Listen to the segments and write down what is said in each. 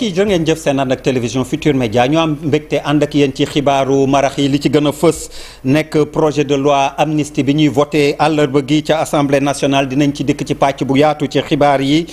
mbokk yi jërë ngeen jëf seen ànd ak télévision Futur Média ñu am ak yéen ci xibaaru marax yi li ci gën a fës nekk projet de loi amnistie bi ñuy voté àllarba gi ca assemblée nationale dinañ ci dikk ci pàcc bu yaatu ci xibaar yi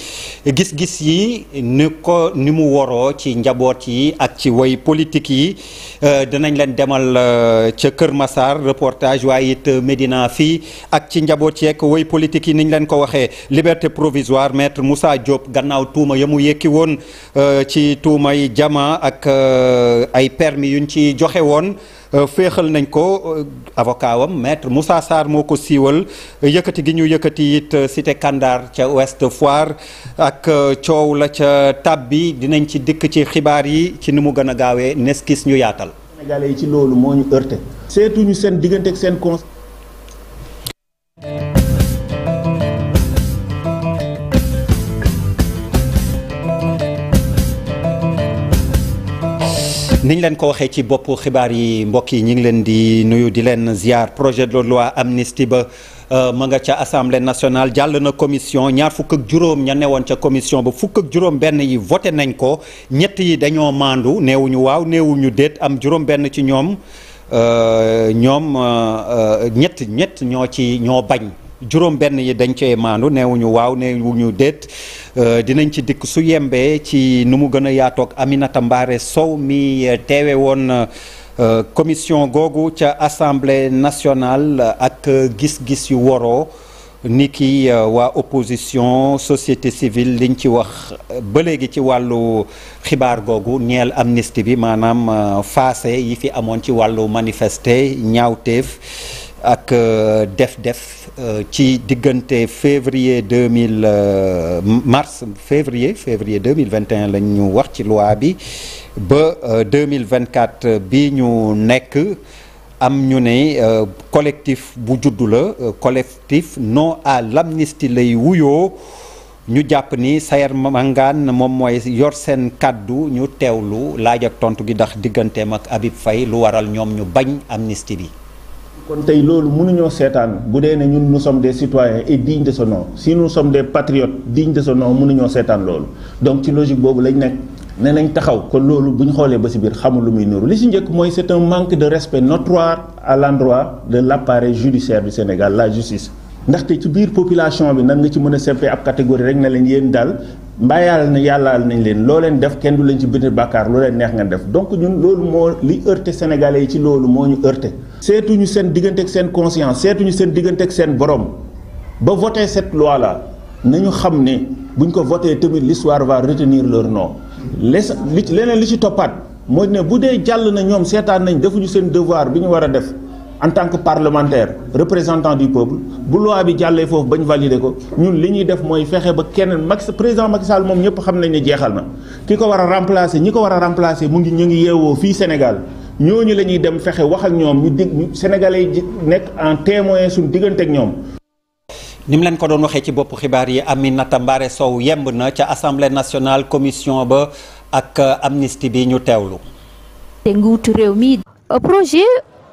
gis-gis yi ni ko ni mu waroo ci njaboot yi ak ci woy politique yi euh, dinañ leen demal euh, ca Kër Massar reportage waaye it Médina fii ak ci njaboot yeeg woy politique yi niñ leen ko waxee liberté provisoire maître Moussa Diop gannaaw tuuma ya mu yëkki woon euh, ci ci tuumay jama ak euh, ay yu yuñ ci joxe woon euh, féexal nañ ko euh, avocat wam maître Moussa moo ko siiwal yëkkati gi ñu yëkkati it cité Kandar ca Ouest Foire ak coow la ca tab bi dinañ ci dikk ci xibaar yi ci ni mu gën a gaawee neskis ñu yaatal. Sénégalais ñu seen diggante ak seen niñ leen ko waxee ci bopp xibaar yi mbokk yi ñu ngi leen di nuyu di leen ziar projet de loi amnistie ba euh, mu nga ca assemblée nationale jàll na commission ñaar fukk ak juróom ña newoon ca commission ba fukk ak juróom benn yi voté nañ ko ñett yi dañoo maandu néewuñu waaw neewu ñu déet am juróom benn ci ñoom euh, ñoom euh, ñett ñett ñoo ci ñoo bañ juróom benn yi dañ cee maandu neewuñu waaw neewuñu déet euh, dinañ ci dikk su yembee ci nu mu gën a yaatoog Aminata Mbaare Sow mi teewee woon euh, commission googu ca assemblée nationale ak gis-gis yu waroo ni ki euh, waa opposition société civile liñ ci wax ba léegi ci wàllu xibaar googu ñeel amnistie bi maanaam faase yi fi amoon ci wàllu manifester ñaawteef ak euh, def-def euh, ci diggante février deux mille euh, mars février février deux mille vingt et lañ ñu wax ci loi bi ba deux mille vingt quatre bi ñu nekk am ñu ne collectif bu juddu la collectif non à l'amnistie lay wuyoo ñu jàpp ni Sayer Mangane moom mooy yor seen kàddu ñu teew lu laaj ak tontu gi ndax digganteem ak Habib Faye lu waral ñoom ñu bañ amnistie bi. kon tey loolu mënuñoo seetaan bu dee ne ñun nous sommes des citoyens et dignes de ce nom si nous sommes des patriotes dignes de ce nom mënuñoo seetaan loolu donc ci logique boobu lañ nekk ne nañ taxaw kon loolu bu ñu xoolee ba si biir xamul lu muy niru li si njëkk mooy c'est un manque de respect notoire à l'endroit de l'appareil judiciaire du Sénégal la justice ndaxte ci biir population bi nan nga ci mën a seppee ab catégorie rek na leen yéen daal mbaa yàlla na yàllaal nañ leen loo leen def kenn du leen ci bind bàkkaar lu leen neex nga def donc ñun loolu moo li heurté sénégalais yi ci loolu moo ñu seetu ñu seen diggante ak seen conscience seetuñu seen diggante ak seen borom ba voté cette la na ñu xam ne buñ ko voté tamit l'histoire va retenir leur nom les li leneen li ci toppaat mooy ne bu dee jàll na ñoom seetaan nañ defuñu seen devoir bi ñu war a def en tant que parlementaire représentant du peuple bu loi bi jàllee foofu ba ñu valider ko ñun li ñuy def mooy fexe ba keneen Macky président Macky Sall moom ñëpp xam nañ ne jeexal na ki ko war a remplacer ñi ko war a remplacer mu ngi ñu ngi yeewoo fii Sénégal ñooñu la ñuy dem fexe wax ak ñoom ñu dig Sénégalais yi nekk en témoin suñu diggante ak ñoom. ni mu leen ko doon waxee ci bopp xibaar yi Aminata Mbaare Sow yemb na ca assemblée nationale commission ba ak amnistie bi ñu teewlu.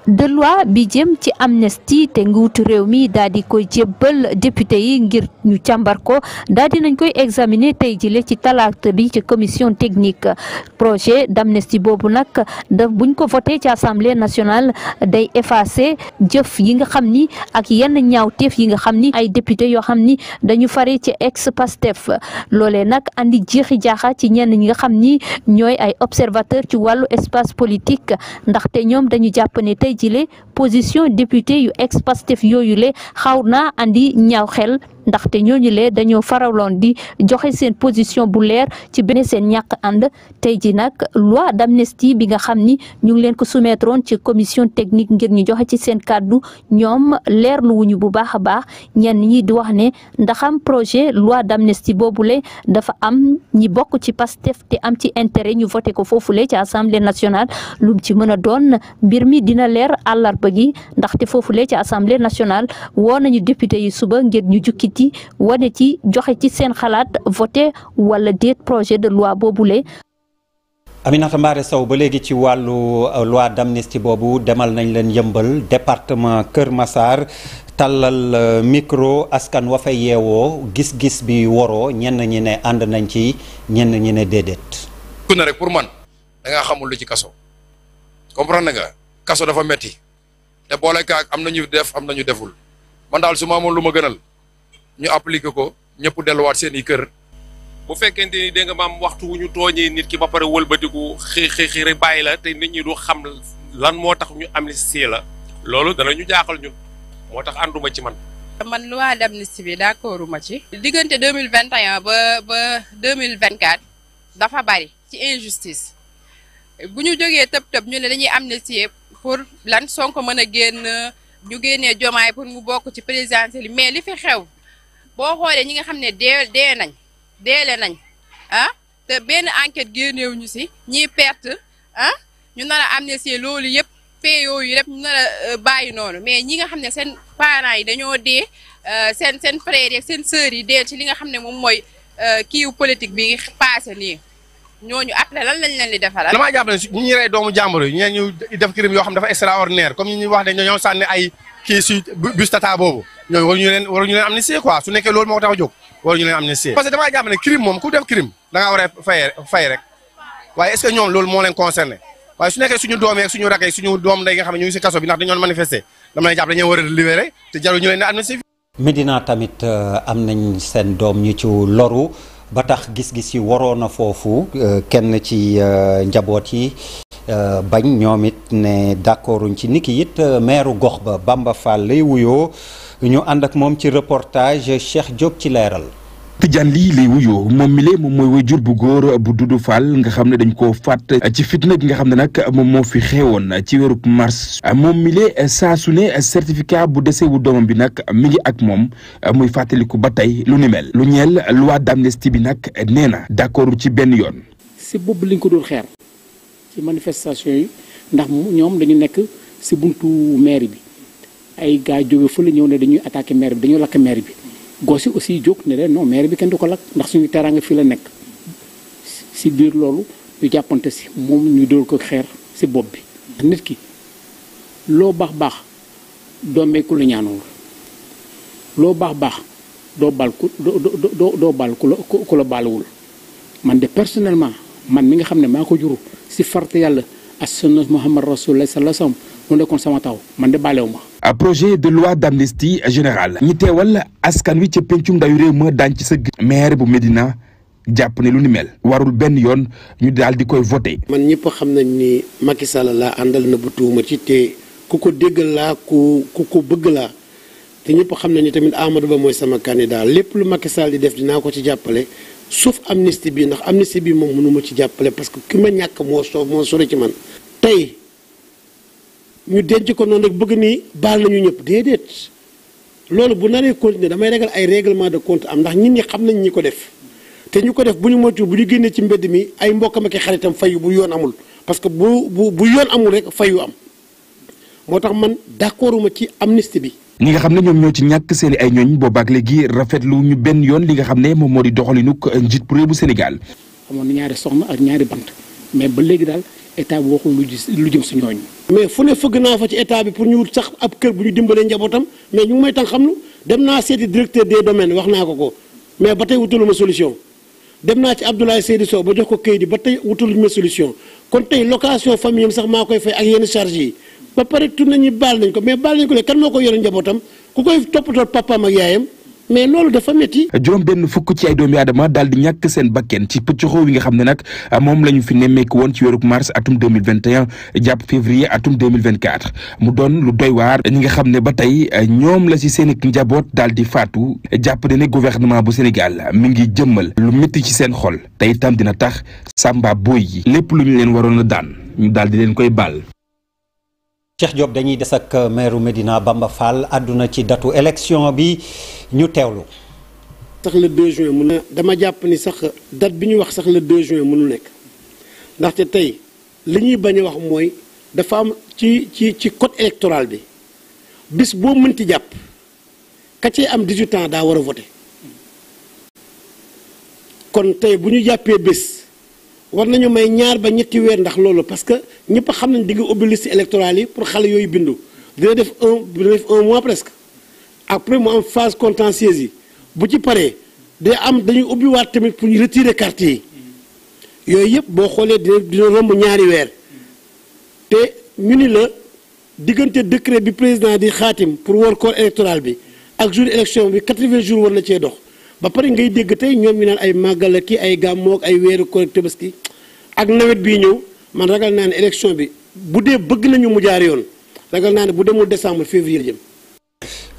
de loi bi jëm ci amnistie te nguutu réew mi daal di koy jébbal député yi ngir ñu càmbar ko daal di nañ koy examiner tey jile ci talaata bi ci commission technique projet d'amnistie boobu nag bu buñ ko voté ci assemblée nationale day effacer jëf yi nga xam ni ak yenn ñaaw tef yi nga xam ni ay député yoo xam ni dañu fare ci ex Pastef loolee nag andi jeexi jaaxa ci ñenn ñi nga xam ni ñooy ay observateur ci wàllu espace politique ndaxte ñoom dañu jàpp tey tey position député yu ex Pastef yooyu le xaw naa andi ñaaw xel ndaxte ñooñu lee dañoo faraloon di joxe seen position bu leer ci benn seen ñàkk ànd tey ji nag loi d'amnistie bi nga xam ni ñu ngi leen ko soumettre woon ci commission technique ngir ñu joxe ci seen kàddu ñoom leerlu wuñu bu baax a baax ñenn ñi di wax ne ndaxam projet loi d'amnistie boobule dafa am ñi bokk ci Pastef te am ci intérêt ñu voté ko foofu foofule ci assemblée national lum ci mën a doon mbir mi dina leer àllarba gi ndaxte foofule ci assemblée nationale woo nañu député ñu jukki ci wane ci joxe ci seen xalaat voté wala déet projet de loi boobule. Aminata Mbaare Sow ba léegi ci wàllu euh, loi d'amnistie boobu demal nañ leen yëmbal departement Kër Massar tàllal euh, micro askan wa fay yeewoo gis-gis bi waroo ñenn ñi ne ànd nañ ci ñenn ñi ne déedéet. ku pour man da xamul lu ci kaso comprendre nga kaso dafa metti te boole kaak am na ñu def am na ñu deful man daal su ma amoon lu ma gënal ñu appliqué ko ñëpp delluwaat seen i kër. bu fekkente ni dégg nga maam waxtu wu ñu tooñee nit ki ba pare wëlbatiku xi xi xi bàyyi la te nit ñi du xam lan moo tax ñu amnistie la loolu dana ñu jaaxal ñun moo tax ànduma ci man. man loi d'amnistie bi d'accordu ma ci. diggante deux mille vingt et ba ba deux mille vingt quatre dafa bari ci injustice bu ñu jógee tëb tëb ñu ne dañuy amnistie pour lan ko mën a génn ñu génnee jomaay pour mu bokk ci présidentielle mais li fi xew boo xoolee ñi nga xam ne dee dee nañ deele nañ ah te benn enquête génnewuñu si ñii perte ah ñu nar a amnistie loolu yëpp fee yooyu yëpp ñu nar a euh, noonu mais ñi nga xam ne seen parents yi dañoo dee euh, seen seen frères yi seen sœurs yi dee ci li nga xam ne moom mooy euh, kiiw politique bi passé nii ñooñu après lan lañ leen di defaral. damaa jàpp ne ñu ñuy rey doomu jàmbur yi ñu def crime yoo xam dafa extraordinaire comme ñu wax ne ñoo sànni ay kii si bus tata boobu. ñooñu ñu leen waruñu leen amnistie quoi su nekkee loolu moo tax a jóg waruñu leen amnistie parce que damaa jàpp ne crime moom ku def crime da ngaa war a fay fay rek waaye est ce que ñoom loolu moo leen concerné waaye su nekkee suñu doomee suñu rakk suñu doom ndey nga xam ne ñu si kaso bi ndax dañoon manifester dama lay jàpp dañoo war a libéré te jarul ñu leen di amnistie. Médina tamit euh, am nañ seen doom ñu ci loru ba tax gis-gis yi waroon na foofu euh, kenn ci euh, njaboot yi. Uh, bañ ñoom it ne d'accorduñ ci niki it uh, meeru gox ba Bamba Fall lay wuyoo ñu ànd ak moom ci reportage Cheikh Diop ci leeral. Tidiane lii lay wuyoo moom mi lee moom mooy wajur bu góor bu Dudu Fall nga xam ne dañ koo fàtt ci fitna bi nga xam ne nag moom moo fi xewoon ci weeru mars moom mi lee saa su ne certificat bu dese wu doomam bi nag mi ngi ak moom muy fàttaliku ba tey lu ni mel lu ñeel loi d'amnistie bi nag nee na d'accord ci benn yoon. si boobu liñ ko dul xeer. ci manifestation yi ndax ñoom dañu nekk si buntu mairie ay gars jóge la ñëw ne dañuy attaqué maire bi dañoo lakk maire bi gosi aussi jóg ne leen non maire bi kenn du ko lakk ndax suñu teraanga fii la nekk si biir loolu ñu jàppante si moom ñu dóor ko xeer si bopp bi nit ki loo baax baax doo may ku loo baax baax doo baal ku doo doo baal ku la ku la man de personnellement man mi nga xam ne maa ko juru si farte yàlla as sunna Muhammad Rasulullah sallallahu alayhi wasallam mu nekkoon sama taw man de bàlewu ma projet de loi d'amnistie générale ñi teewal askan wi ci pencum ndayu réew ma daan ci sëgg maire bu Médina jàpp ne lu ni mel warul benn yoon ñu daal di koy voté man ñëpp xam nañ ni Macky Sall laa àndal na bu tuuma ci te ku ko déggal laa ku ku ko bëgg laa te ñëpp xam nañ ni tamit Amadou Ba mooy sama daal lépp lu Macky di def dinaa ko ci jàppale sauf amnistie bi ndax amnistie bi moom mënuma ci jàppale parce que ki ma ñàkk moo soo moo ci man ñu denc ko noonu rek bëgg nii baal nañu ñëpp déedéet loolu bu naree continuer damay ragal ay règlement de compte am ndax ñit ñi xam nañ ñi ko def te ñu ko def bu ñu moytu bu ñu génnee ci mbedd mi ay mbokkam ak xaritam fay bu yoon amul parce que bu bu bu yoon amul rek fayu am moo tax man d'accorduma ci amnistie bi. ñi nga xam ne ñoom ñoo ci ñàkk seen ay ñooñ boobaak léegi rafetlu ñu benn yoon li nga xam ne moom moo di doxalinuk njiit bu réew bu Sénégal. amoon na ñaari soxna ak ñaari bant mais ba léegi daal. état bi waxul lu lu jëm si ñooñu. mais fu ne fëgg naa fa ci état bi pour ñu sax ab kër bu ñu dimbalee njabootam mais ñu may tan xam lu dem naa seeti directeur des domaines wax naa ko ko mais ba tey wutalu ma solution dem naa ci Abdoulaye Seydou Sow ba jox ko kayit yi ba tey wutalu ma solution kon tey location famille sax maa koy fay ak yenn charge yi ba pare tur nañu baal nañ ko mais baal nañ ko léegi kan moo koy yore njabootam ku koy toppatoo papaam ak yaayam. mais loolu dafa métti. juróom benn fukk ci ay doomi aadama daal di ñàkk seen bakken ci pëccëxoo wi nga xam ne nag ah, moom lañu fi nemmeeku woon ci weeruk mars atum 2021 jàpp février atum 2024 mu doon lu doy waar ñi nga xam ne ba tey ah, ñoom la si seen njaboot daal di faatu jàpp ne ne gouvernement bu Sénégal mi ngi jëmmal lu métti ci seen xol tey itam dina tax Samba Boy yi lépp lu ñu leen waroon a daan ñu daal di leen koy baal Cheikh Diop dañuy des ak euh, maire Médina Bamba Fall àdduna ci datu élection bi ñu teewlu. sax le 2 juin mun dama jàpp ni sax date bi ñu wax sax le 2 juin mënu nekk ndaxte tey li ñuy bañ a wax mooy dafa am ci ci ci code électoral bi bis boo mënti jàpp ka cee am 18 daa war a voter kon tey bu ñu jàppee bés. war nañu may ñaar ba ñetti weer ndax loolu parce que ñëpp xam nañ di nga ubbi liste électorale yi pour xale yooyu bindu dina def un dina mois presque après mu am phase contentieuse yi bu ci paree day am dañuy ubbiwaat tamit pour ñu retire carte yi yooyu yëpp boo xoolee dina dina romb ñaari weer te ñu ni la diggante décret bi président di xaatim pour war corps électoral bi ak jour élection bi 80 jour war na cee dox. ba pare ngay dégg tey ñoom ñu naan ay màggal ki ay gàmmoog ay weeru koor tabaski ak nawet bii ñëw man ragal naa ne élection bi bu dee bëgg nañu mu jaar yoon ragal naa ne bu demul décembre février jëm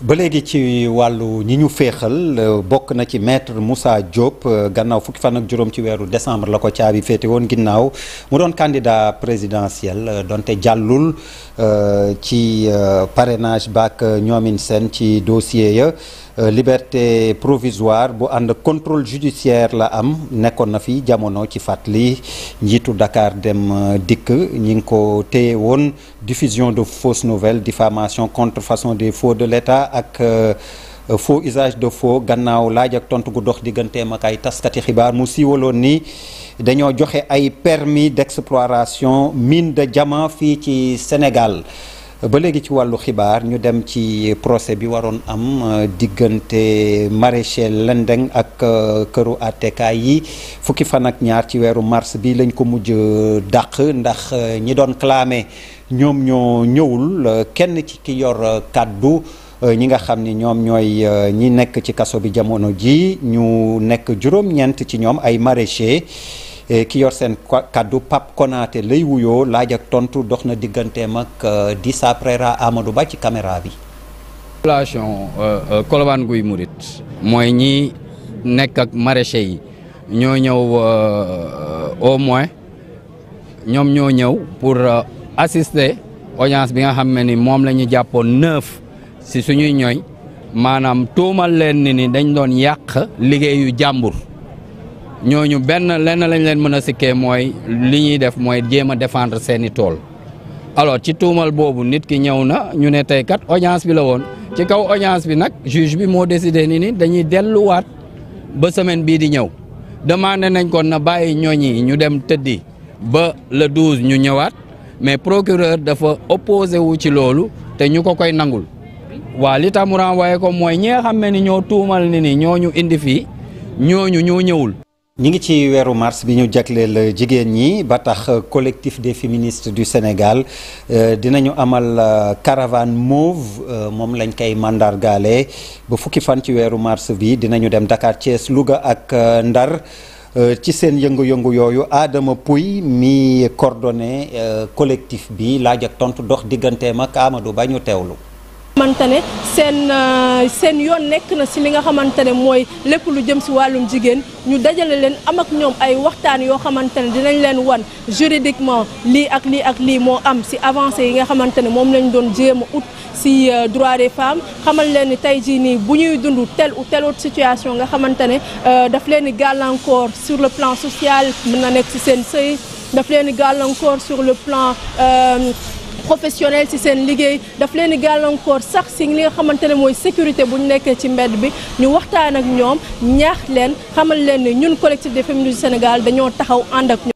ba léegi ci wàllu ñi ñu féexal euh, bokk na ci maître Moussa Diop euh, gannaaw fukki fan ak juróom ci weeru décembre la ko caabi féete woon ginnaaw mu doon candidat présidentiel euh, donte jàllul ci parrainage baak ñoomin seen ci dossier ya liberté provisoire bu ànd contrôle judiciaire la am nekkoon na fi jamono ci fàttali njiitu Dakar dem dikk ñi ngi ko téye woon diffusion de fausses nouvelle diffamation contrefaçon des faux de l'État Touba ak euh, faux usage de faux gannaaw laaj ak tontu gu dox digganteem ak ay taskati xibaar mu siiwaloon ni dañoo joxe ay permis d'exploration mine de diamant fii ci Sénégal ba léegi ci wàllu xibaar ñu dem ci procès bi waroon am euh, diggante maraîcher Lendeng ak euh, këru àttekaay yi fukki fan ak ñaar ci weeru mars bi lañ ko mujj dàq ndax ñi doon clamé ñoom ñoo ñëwul kenn ci ki yor kàddu Euh, ñi nga xam ni ñoom ñooy euh, ñi nekk ci kaso bi jamono ji ñu nekk juróom-ñeent ci ñoom ay maraîchers euh, ki yor seen kaddu Pape konaate lay wuyoo laaj ak tontu dox na digganteem ak Dissa Preira Amadou Ba ci caméra bi. population Colobane Guy Murit mooy ñi nekk ak maraîchers yi ñoo ñëw au moins ñoom ñoo ñëw pour assister audience bi nga xam ne ni moom la ñu jàppoon si suñuy ñooñ maanaam tuumal leen ni ni dañ doon yàq liggéeyu jàmbur ñooñu benn lenn lañ leen mën a sikkee mooy li ñuy def mooy jéem a défendre seeni tool alors ci tuumal boobu nit ki ñëw na ñu ne tey kat audience bi la woon ci kaw audience bi nag juge bi moo décidé ni ni dañuy delluwaat ba semaine bii di ñëw demandé nañ kon na bàyyi ñooñi ñu dem tëddi ba le 12 ñu ñëwaat mais procureur dafa opposé wu ci loolu te ñu ko koy nangul waaw li tax mu renvoyé ko mooy ñi nga xam ne ni ñoo tuumal ni ni ñu indi fii ñooñu ñoo ñëwul. ñi ngi ci weeru mars bi ñu jagleel jigéen ñi ba tax collectif des féministes du Sénégal euh, dinañu amal euh, caravane mauve euh, moom lañ koy mandargaale ba fukki fan ci weeru mars bi dinañu dem Dakar Thiès Louga ak Ndar ci seen yëngu-yëngu yooyu aadama Pouy mi coordonné collectif bi laaj ak tontu dox digganteem ak Amadou Ba ñu teewlu. xamante ne seen euh, seen yoon nekk na si li nga xamante ne mooy lépp lu jëm si wàllum jigéen ñu dajale leen am ak ñoom ay waxtaan yoo xamante ne dinañ leen wan juridiquement lii ak lii ak lii moo am si avancé yi nga xamante ne moom lañ doon jéem a ut si euh, droit des femmes xamal leen ni tey jii nii bu ñuy dund telle ou situation nga xamante ne euh, daf leen di gàllankoor sur le plan social mën na nekk si seen sëy daf leen di gàllankoor sur le plan professionnel ci seen liggéey daf leen di gàllankoor sax si li nga xamante ne mooy sécurité bu ñu nekkee ci mbedd bi ñu waxtaan ak ñoom ñaax leen xamal leen ne ñun collectif des féministes du Sénégal dañoo taxaw ànd ak ñoom.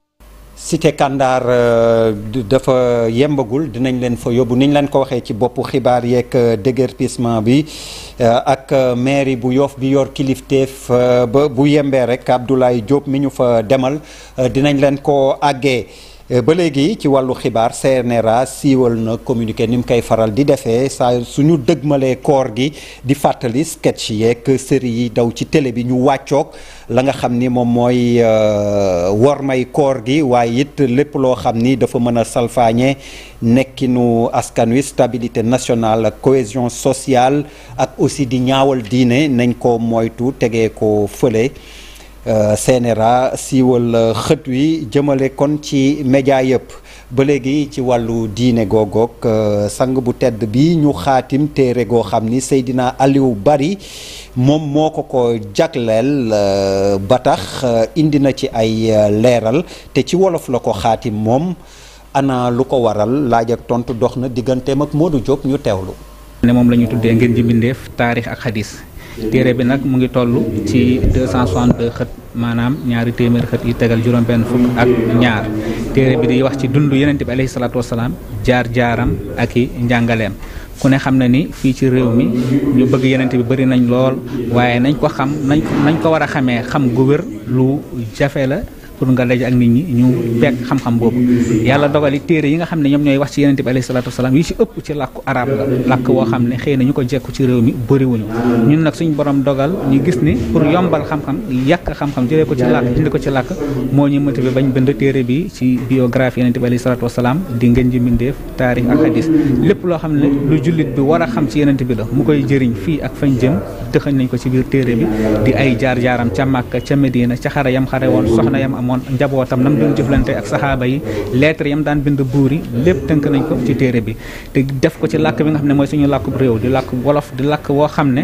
cité Kandar euh, dafa yembagul dinañ leen fa yóbbu niñ leen ko waxee ci boppu xibaar yeeg euh, déguerpissement bi euh, ak mairie bu yoof bi yor kilifteef ba bu yembee rek Abdoulaye Diop mi ñu fa demal dinañ leen ko àggee. Euh, ba léegi ci wàllu xibaar CNRA siiwal na communiqué ni mu koy faral di defee saa suñu dëgmalee koor gi di fàttali sketch yeeg série yi daw ci télé bi ñu wàccoog la nga xam ni moom mooy euh, wormay koor gi waaye it lépp loo xam ni dafa mën a salfaañe nekkinu askan wi stabilité nationale ak cohésion sociale ak aussi di ñaawal diine nañ ko moytu tegee ko fële Euh, CNRA siiwal euh, xët wi jëmale kon ci média yëpp ba léegi ci wàllu diine googoog euh, sang bu tedd bi ñu xaatim téere goo xam ni Seydina Aliou Bari moom moo ko ko jagleel ba tax indi na ci ay leeral te ci wolof la ko xaatim moom ana lu ko waral laaj tontu dox na digganteem ak Modou Diop ñu teewlu. ne moom la ñu tuddee ngeen ji taarix ak xadis téere bi nag mu ngi toll ci 262 xët maanaam ñaari téeméer xët yi tegal juróom-benn fukk ak ñaar téere bi di wax ci dund yonent bi alayhi salaatu wasalaam jaar-jaaram ak i njàngaleem ku ne xam na ni fii ci réew mi ñu bëgg yonent bi bëri nañ lool waaye nañ ko xam nañ nañ ko war a xamee xam gu wér lu jafe la pour nga daje ak nit ñi ñu fekk xam-xam boobu yàlla dogal it téere yi nga xam ne ñoom ñooy wax ci yonente bi alayhi salaatu wasalaam yi ci ëpp ci làkku arab la làkk woo xam ne xëy na ñu ko jekku ci réew mi bëriwuñu ñun nag suñu boroom dogal ñu gis ni pour yombal xam-xam yàq xam-xam jëlee ko ci làkk indi ko ci làkk moo ñu motivé bañ bind téere bi ci biographie yonente bi alayhi salaatu di ngeen ji mbindeef taarix ak hadis lépp loo xam ne lu jullit bi war a xam ci yonente bi la mu koy jëriñ fii ak fañ jëm dëxañ nañ ko ci biir téere bi di ay jaar-jaaram ca Màkka ca Medina ca amoon njabootam nam doon jëflante ak saxaaba yi lettre yam daan bind buur yi lépp tënk nañ ko ci téere bi te def ko ci làkk bi nga xam ne mooy suñu làkkub réew di làkk wolof di làkk woo xam ne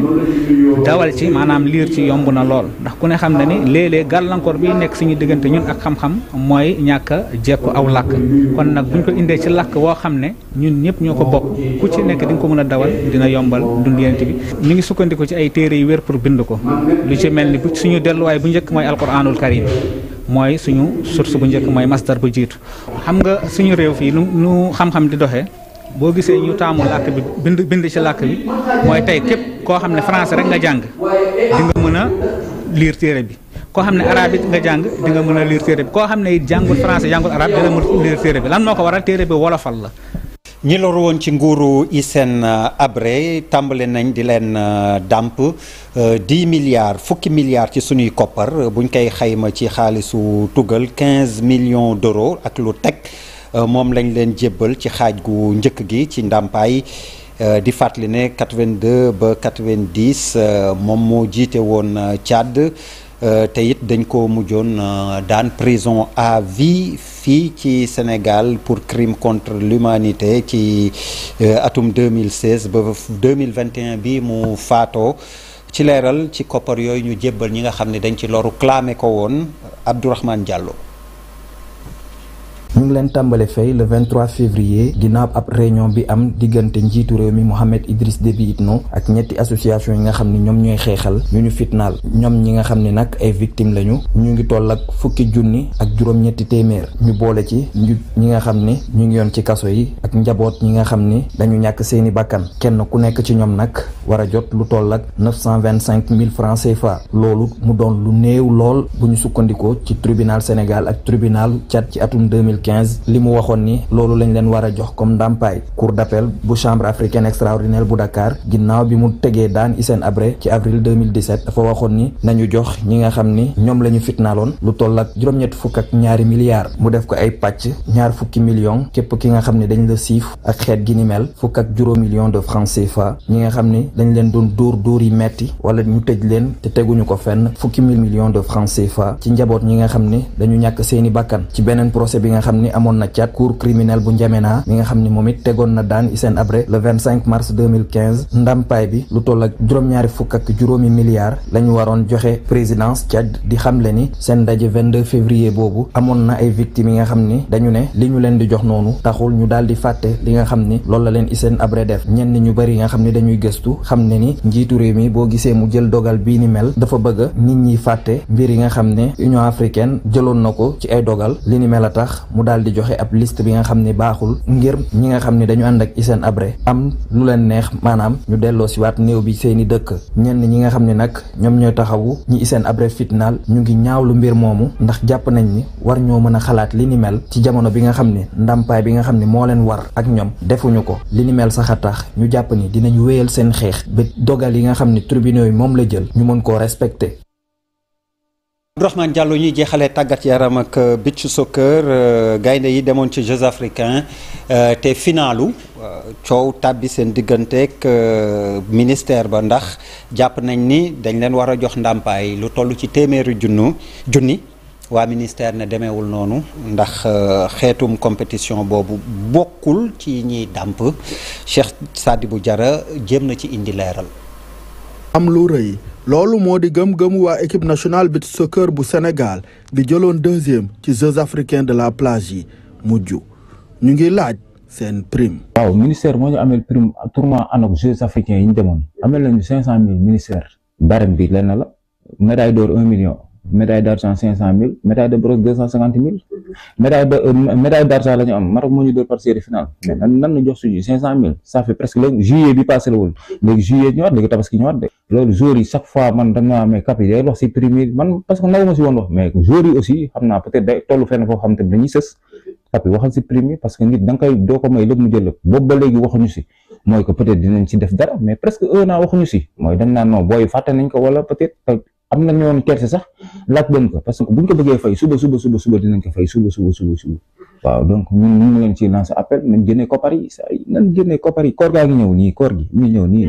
dawal ci maanaam liir ci yomb na lool ndax ku ne xam ne ni léeg-léeg gàllankoor bi nekk suñu diggante ñun ak xam-xam mooy ñàkk a jekku aw làkk kon nag buñ ko indee ci làkk woo xam ne ñun ñëpp ñoo ko bokk ku ci nekk di nga ko mën a dawal dina yombal dund yent bi ñu ngi sukkandiku ci ay téere yu wér pour bind ko lu ci mel ni suñu delluwaay bu njëkk mooy alquranul karim mooy suñu source bu njëkk mooy masdar bu jiitu xam nga suñu réew fii nu xam-xam di doxe boo gisee ñu taamu làkk bi bind bind ci làkk bi mooy tey képp koo xam ne français rek nga jàng di mën a liir téere bi koo xam ne arabe it nga jàng di nga mën a liir téere bi koo xam ne it jàngul français jàngul arabe dina mën liir téere bi lan moo ko waral téere bi wolofal la ñi loru woon ci nguuru Hissène euh, Habré tàmbale nañ di leen euh, dàmp 10 euh, milliards fukki milliards ci suñuy koppar buñ koy xayma ci xaalisu tugal 15 millions d'euros ak lu teg moom lañ leen jébbal ci xaaj gu njëkk gi ci ndàmpaay di fàttali ne 82 ba 90 moom moo jiite woon Tchad Euh, te it dañ ko mujjoon euh, daan prison à vie fii ci Sénégal pour crime contre l'humanité ci euh, atum 2016 ba 2021 bi mu faatoo ci leeral ci koppar yooyu ñu jébbal ñi nga xam ne dañ ci loru clamé ko woon Abdourahmane Diallo ñu ngi leen tàmbale fay le 23 février ginnaaw ab réunion bi am diggante njiitu réew mi Mohamed Idriss Déby no ak ñetti association yi nga xam ne ñoom ñooy xeexal ñu ñu fitnaal ñoom ñi nga xam ne nag ay victimes lañu ñu ngi toll ak fukki junni ak juróom-ñetti téeméer ñu boole ci ñu ñi nga xam ni ñu ngi yoon ci kaso yi ak njaboot ñi nga xam ni dañu ñàkk seeni bàkkan kenn ku nekk ci ñoom nag war a jot lu toll ak 925 000 francs CFA loolu mu doon lu néew lool bu ñu sukkandikoo ci tribunal Sénégal ak tribunal Tchad ci atum 2015 quinze li mu waxoon ni loolu lañ leen war a jox comme ndàmpaay cour d'appel bu chambre africaine extraordinaire bu Dakar ginnaaw bi mu tegee daan Hissène Habré ci avril 2017 dafa waxoon ni nañu jox ñi nga xam ni ñoom la fitnaaloon lu toll ak juróom-ñett fukk ak ñaari milliards mu def ko ay pàcc ñaar fukki millions képp ki nga xam ne dañ la siif ak xeet gi ni mel fukk ak juróom millions de francs CFA ñi nga xam ni dañ leen doon dóor dóor yi metti wala ñu tëj leen te teguñu ko fenn fukki mille millions de francs CFA ci njaboot ñi nga xam ni dañu ñàkk seeni bakkan ci xam ni amoon na ca cour criminelle bu naa mi nga xam ni moom it tegoon na daan Hissène Habré le 25 mars 2015 ndàmpaay bi lu toll ak juróom-ñaari fukk ak juróomi milliards lañu waroon joxe présidence Tchad di xamle ni seen ndaje 22 février boobu amoon na ay victimes yi nga xam ni dañu ne li ñu leen di jox noonu taxul ñu daal di fàtte li nga xam ni loolu la leen Hissène abre def ñenn ñu bëri nga xam ni dañuy gëstu xam ne ni njiitu réew mi boo gisee mu jël dogal bii ni mel dafa bëgg nit ñi fàtte mbir yi nga xam ne Union africaine jëloon na ko ci ay dogal li ni mel a tax mu daal di joxe ab liste bi nga xam ni baaxul ngir ñi nga xam ni dañu ànd ak Hissène Habré am lu leen neex maanaam ñu delloo si waat néew bi seeni dëkk ñenn ñi nga xam ne nag ñoom ñoo taxawu ñi Hissène Habré fitnaal ñu ngi ñaawlu mbir moomu ndax jàpp nañ ni war ñoo mën a xalaat li ni mel ci jamono bi nga xam ni ndàmpaay bi nga xam ni moo leen war ak ñoom defuñu ko li ni sax a tax ñu jàpp ni dinañu wéyal seen xeex ba dogal yi nga xam ni tribunaux yi moom la jël ñu mën koo respecté Abdourahmane Diallo ñuy jeexalee tàggat yaram ak euh, beach soccer euh, gaynde yi demoon ci Jeux africains euh, te finaalu coow tàbbi seen digganteeg ministère ba ndax jàpp nañ ni dañ leen war a jox ndàmpaay lu toll ci téeméeri junnu junni waa ministère na demeewul noonu ndax xeetum compétition boobu bokkul ci ñiy dàmp Cheikh Sadibou Diarra jéem na ci indi leeral. am lu rëy loolu moo di gëm-gëmu waa équipe nationale beach soccer bu Sénégal bi jëloon deuxième ci Jeux africains de la plage yi mujj ñu ngi laaj seen prime. waaw ministère moo ñu ameel prime tournoi ANOC Jeux africains yi ñu demoon amel nañu ministère barème bi lenn la médaille d'or un million médaille d'argent cinq cent mille médaille de bronze deux cent cinquante médaille de euh, médaille ñu am de. loolu joueurs yi chaque fois man dañ maa mais day wax si prime man parce que naw ma si woon wax mais joueurs aussi xam naa peut day toll fenn foo xam te dañuy sës cap waxal si prime parce que nit da doo ko may lépp mu jël lépp ba léegi waxuñu si mooy que peut dinañ si def dara mais presque un an waxuñu si mooy dañ naan booy fàtte nañ ko wala peut am na ñoom kerse sa laaj leen ko parce que buñ ko bëggee fay suba suba suba suba dinañ ko fay suba suba suba suba waaw donc ñun ñu ngi leen ci lancer appel nañ génnee koppar yi saa yi nañ génnee koppar yi nii koor mu ngi ñëw nii.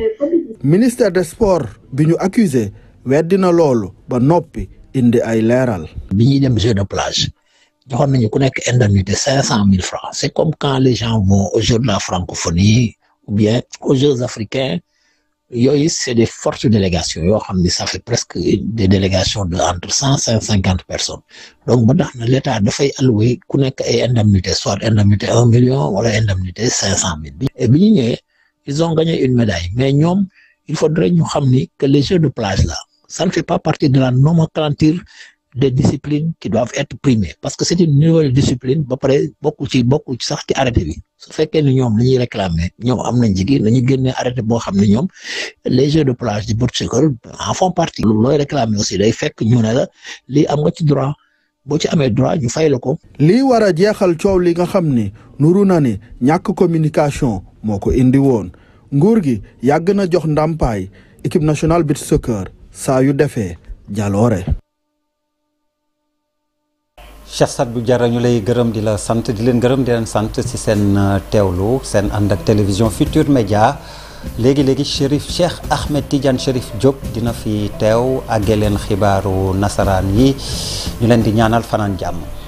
ministère des sports bi ñu accusé weddi na loolu ba noppi indi ay leeral. bi ñuy dem jeu de plage. joxoon nañu ku nekk indemnité cinq cent mille francs c'est comme quand les gens vont aux francophonie ou bien aux Jeux africains yooyu c' est des fortes délégations yoo xam ne ça fait presque des délégations de entre cent cent cinquante personnes donc ba tax na l' état dafay ku nekk ay indemnité soit indemnité un million wala indemnité cinq cent mille bi bi ñu ils ont gagné une médaille mais ñoom il faudrait ñu xam ni que les de plage là ça ne fait pas partie de la nomenclature de disciplines qui doivent être primées parce que c'est une nouvelle discipline ba pare bokku ci bokku ci sax ci arrêté bi su fekkee ni ñoom la ñuy réclamer ñoom am nañ jigi nañu génne arrêté boo xam ne ñoom les jeux de plage du Portugal en font partie looy réclamer aussi day fekk ñu ne la lii am nga ci droit boo ci amee droit ñu fay la ko. lii war a jeexal coow li nga xam ni nuru na ni ñàkk communication moo ko indi woon nguur gi yàgg na jox ndàmpaay équipe nationale beach soccer saa yu defee jaloore Cheikh Sadbou Diarra ñu lay gërëm di la sant di leen gërëm di leen sant ci seen euh, teewlu seen ànd ak télévision Futur Média léegi léegi Chérif Cheikh Ahmed Tidiane Chérif Diop dina fi teew àggee leen xibaaru nasaraan yi ñu leen di ñaanal fanaan jàmm.